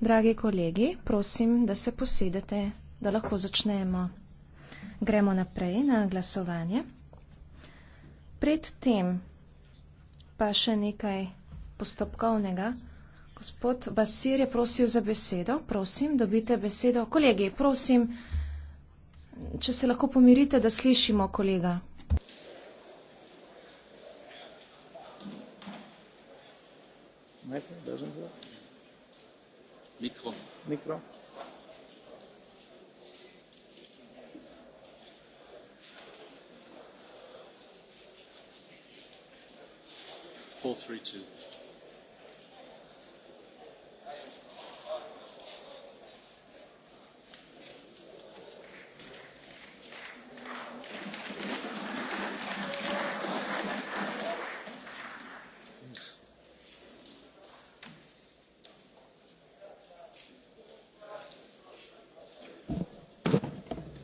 Dragi kolegi, prosim, da se posedete, da lahko začnemo. Gremo naprej na glasovanje. Pred tem pa še nekaj postopkovnega. Gospod Basir je prosil za besedo. Prosim, dobite besedo. Kolegi, prosim, če se lahko pomirite, da slišimo kolega. Micro. Micro. Micro. Four, three, two.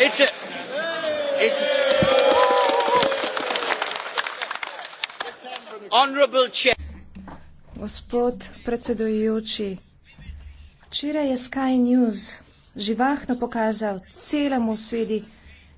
it's a, it's a, honorable chair. Gospod predsedujoči, včeraj je Sky News živahno pokazal celemu svedi,